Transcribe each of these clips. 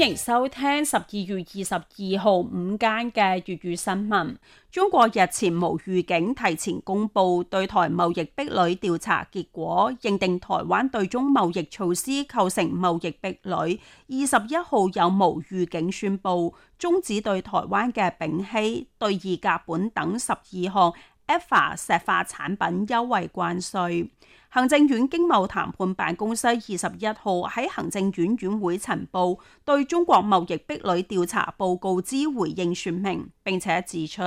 歡迎收聽十二月二十二號午間嘅粵語新聞。中國日前無預警提前公布對台貿易壁壘調查結果，認定台灣對中貿易措施構成貿易壁壘。二十一號有無預警宣布終止對台灣嘅丙烯、對二甲苯等十二項。ECFA 石化產品優惠關稅，行政院經貿談判辦公室二十一號喺行政院院會陳報對中國貿易壁壘調查報告之回應說明，並且指出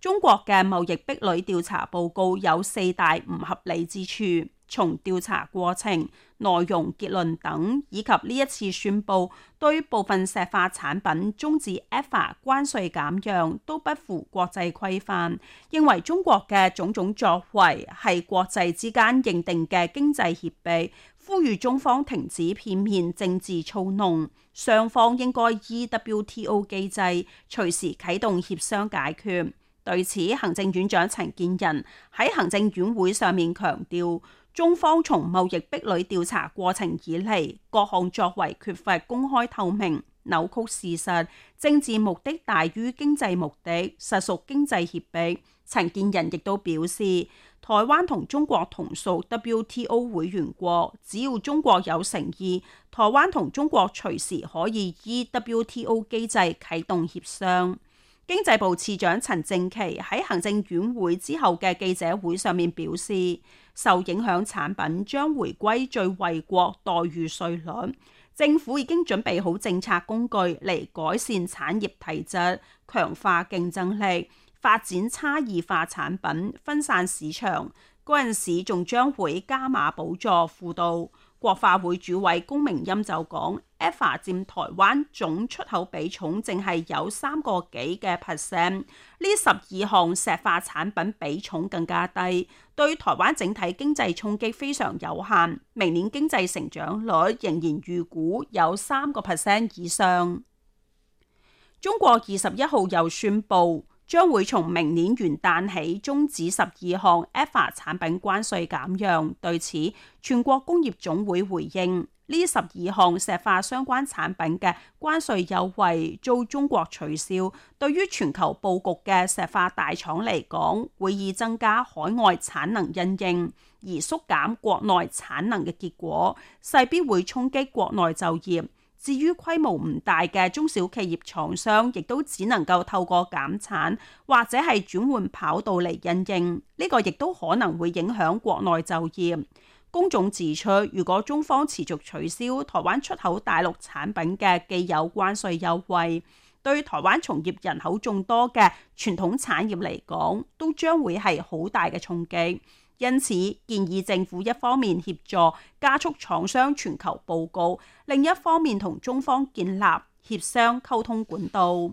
中國嘅貿易壁壘調查報告有四大唔合理之處。從調查過程、內容、結論等，以及呢一次宣布對部分石化產品中止 ECFA 關稅減讓，都不符國際規範，認為中國嘅種種作為係國際之間認定嘅經濟脅迫，呼籲中方停止片面政治操弄，雙方應該以 WTO 機制隨時啟動協商解決。對此，行政院長陳建仁喺行政院會上面強調。中方從貿易壁壘調查過程以嚟，各項作為缺乏公開透明，扭曲事實，政治目的大於經濟目的，實屬經濟脅迫。陳建仁亦都表示，台灣同中國同屬 WTO 會員國，只要中國有誠意，台灣同中國隨時可以依 WTO 機制啟動協商。經濟部次長陳正奇喺行政院會之後嘅記者會上面表示。受影響產品將回歸最惠國待遇稅率，政府已經準備好政策工具嚟改善產業體質、強化競爭力、發展差異化產品、分散市場。嗰陣時仲將會加碼補助輔導。國化會主委龔明鑫就講 ECFA 佔台灣總出口比重淨係有三個幾嘅 percent，呢十二項石化產品比重更加低，對台灣整體經濟衝擊非常有限。明年經濟成長率仍然預估有三個 percent 以上。中國二十一號又宣布。將會從明年元旦起終止十二項 ECFA 產品關稅減讓。對此，全國工業總會回應：呢十二項石化相關產品嘅關稅優惠遭中國取消，對於全球布局嘅石化大廠嚟講，會以增加海外產能因應，而縮減國內產能嘅結果，勢必會衝擊國內就業。至於規模唔大嘅中小企業廠商，亦都只能夠透過減產或者係轉換跑道嚟因應，呢個亦都可能會影響國內就業。工總指出，如果中方持續取消台灣出口大陸產品嘅既有關稅優惠，對台灣從業人口眾多嘅傳統產業嚟講，都將會係好大嘅衝擊。因此，建議政府一方面協助加速廠商全球報告，另一方面同中方建立協商溝通管道。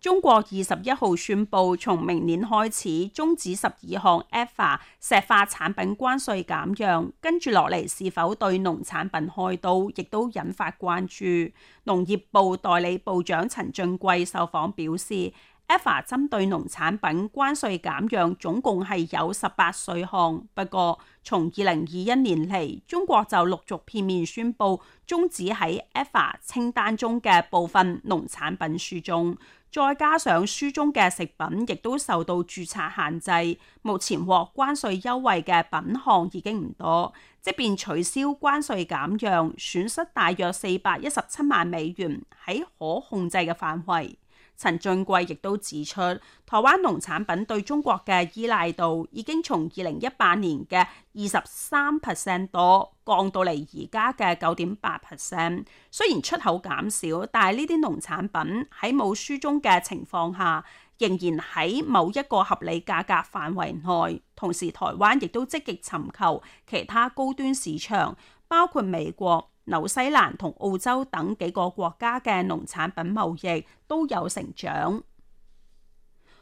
中國二十一號宣布，從明年開始終止十二項 ECFA 石化產品關稅減讓，跟住落嚟是否對農產品開刀，亦都引發關注。農業部代理部長陳駿季受訪表示。ECFA 針對農產品關稅減讓總共係有十八稅項，不過從二零二一年嚟，中國就陸續片面宣布終止喺 ECFA 清單中嘅部分農產品輸中，再加上輸中嘅食品亦都受到註冊限制，目前獲關稅優惠嘅品項已經唔多，即便取消關稅減讓，損失大約四百一十七萬美元喺可控制嘅範圍。陳俊貴亦都指出，台灣農產品對中國嘅依賴度已經從二零一八年嘅二十三 percent 多降到嚟而家嘅九點八 percent。雖然出口減少，但係呢啲農產品喺冇輸中嘅情況下，仍然喺某一個合理價格範圍內。同時，台灣亦都積極尋求其他高端市場，包括美國。紐西蘭同澳洲等幾個國家嘅農產品貿易都有成長。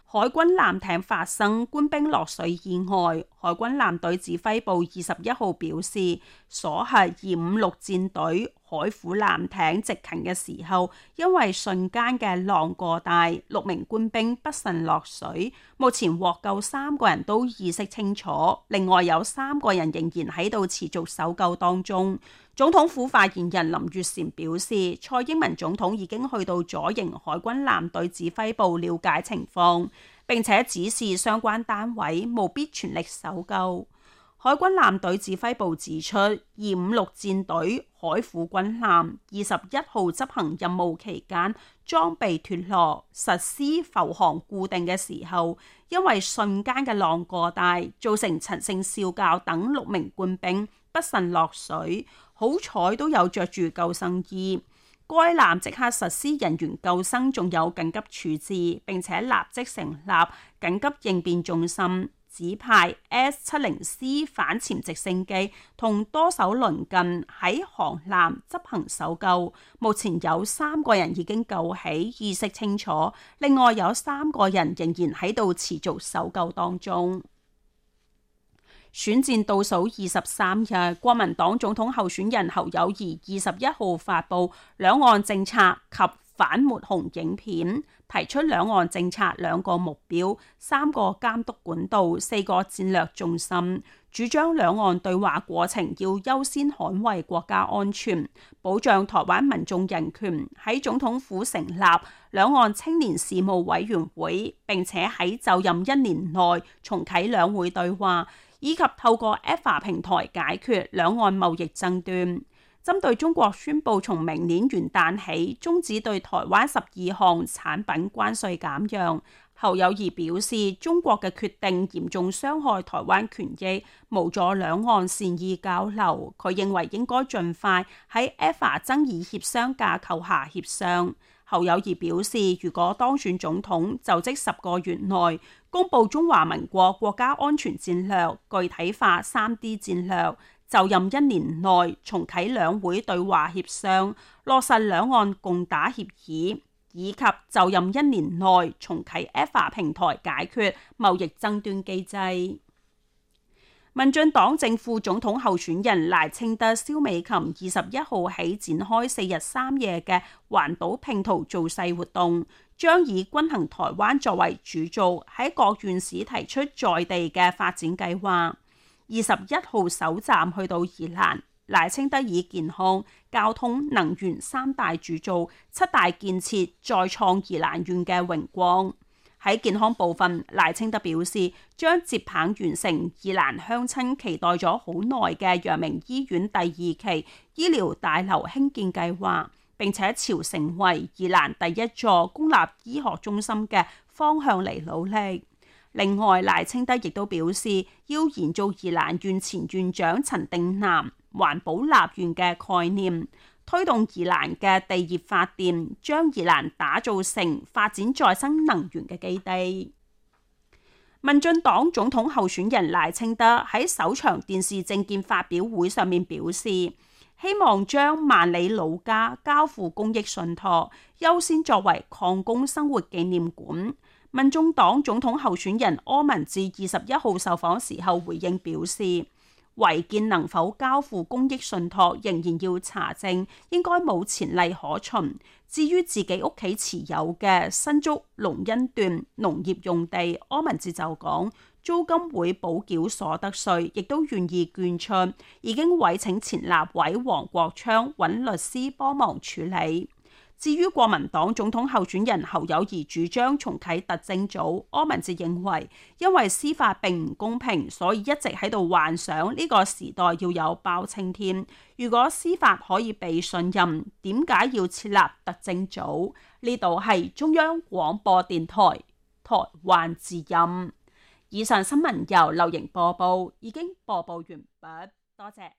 海軍艦艇發生官兵落水意外，海軍艦隊指揮部二十一號表示，所轄二五六戰隊，海虎艦艇值勤嘅時候，因為瞬間嘅浪過大，六名官兵不慎落水。目前獲救三個人都意識清楚，另外有三個人仍然喺度持續搜救當中。總統府發言人林月賢表示，蔡英文總統已經去到左營海軍艦隊指揮部了解情況，並且指示相關單位務必全力搜救。海軍艦隊指揮部指出，二五六戰隊海虎軍艦二十一號執行任務期間，裝備脱落，實施浮航固定嘅時候，因為瞬間嘅浪過大，造成陳姓少教等六名官兵不慎落水，好彩都有着住救生衣。該艦即刻實施人員救生，仲有緊急處置，並且立即成立緊急應變中心。指派 S 七零 C 反潛直升機同多艘鄰近喺航艦執行搜救，目前有三個人已經救起，意識清楚，另外有三個人仍然喺度持續搜救當中。選戰倒數二十三日，國民黨總統候選人侯友宜二十一號發布兩岸政策及反抹紅影片提出兩岸政策兩個目標、三個監督管道、四個戰略重心，主張兩岸對話過程要優先捍衛國家安全，保障台灣民眾人權。喺總統府成立兩岸青年事務委員會，並且喺就任一年內重啟兩會對話，以及透過 ECFA 平台解決兩岸貿易爭端。針對中國宣布從明年元旦起終止對台灣十二項產品關稅減讓，侯友宜表示，中國嘅決定嚴重傷害台灣權益，無助兩岸善意交流。佢認為應該盡快喺 ECFA 爭議協商架構下協商。侯友宜表示，如果當選總統就職十個月內公布中華民國國家安全戰略，具體化三 D 戰略。就任一年內重啟兩會對話協商，落實兩岸共打協議，以及就任一年內重啟 ECFA 平台解決貿易爭端機制。民進黨正副總統候選人賴清德、蕭美琴二十一號起展開四日三夜嘅環島拼圖造勢活動，將以均衡台灣作為主軸，喺各縣市提出在地嘅發展計劃。二十一號首站去到宜蘭，賴清德以健康、交通、能源三大主造，七大建設再創宜蘭縣嘅榮光。喺健康部分，賴清德表示將接棒完成宜蘭鄉親期待咗好耐嘅陽明醫院第二期醫療大樓興建計劃，並且朝成為宜蘭第一座公立醫學中心嘅方向嚟努力。另外，賴清德亦都表示要延續宜蘭縣前縣長陳定南環保立縣嘅概念，推動宜蘭嘅地熱發電，將宜蘭打造成發展再生能源嘅基地。民進黨總統候選人賴清德喺首場電視政見發表會上面表示，希望將萬里老家交付公益信託，優先作為礦工生活紀念館。民眾黨總統候選人柯文哲二十一號受訪時候回應表示，違建能否交付公益信託，仍然要查證，應該冇前例可循。至於自己屋企持有嘅新竹龍恩段農業用地，柯文哲就講租金會補繳所得稅，亦都願意捐出，已經委請前立委黃國昌揾律師幫忙處理。至於國民黨總統候選人侯友宜主張重啟特偵組，柯文哲認為，因為司法並唔公平，所以一直喺度幻想呢個時代要有包青天。如果司法可以被信任，點解要設立特偵組？呢度係中央廣播電台台灣之音。以上新聞由劉瑩播報，已經播報完畢，多謝。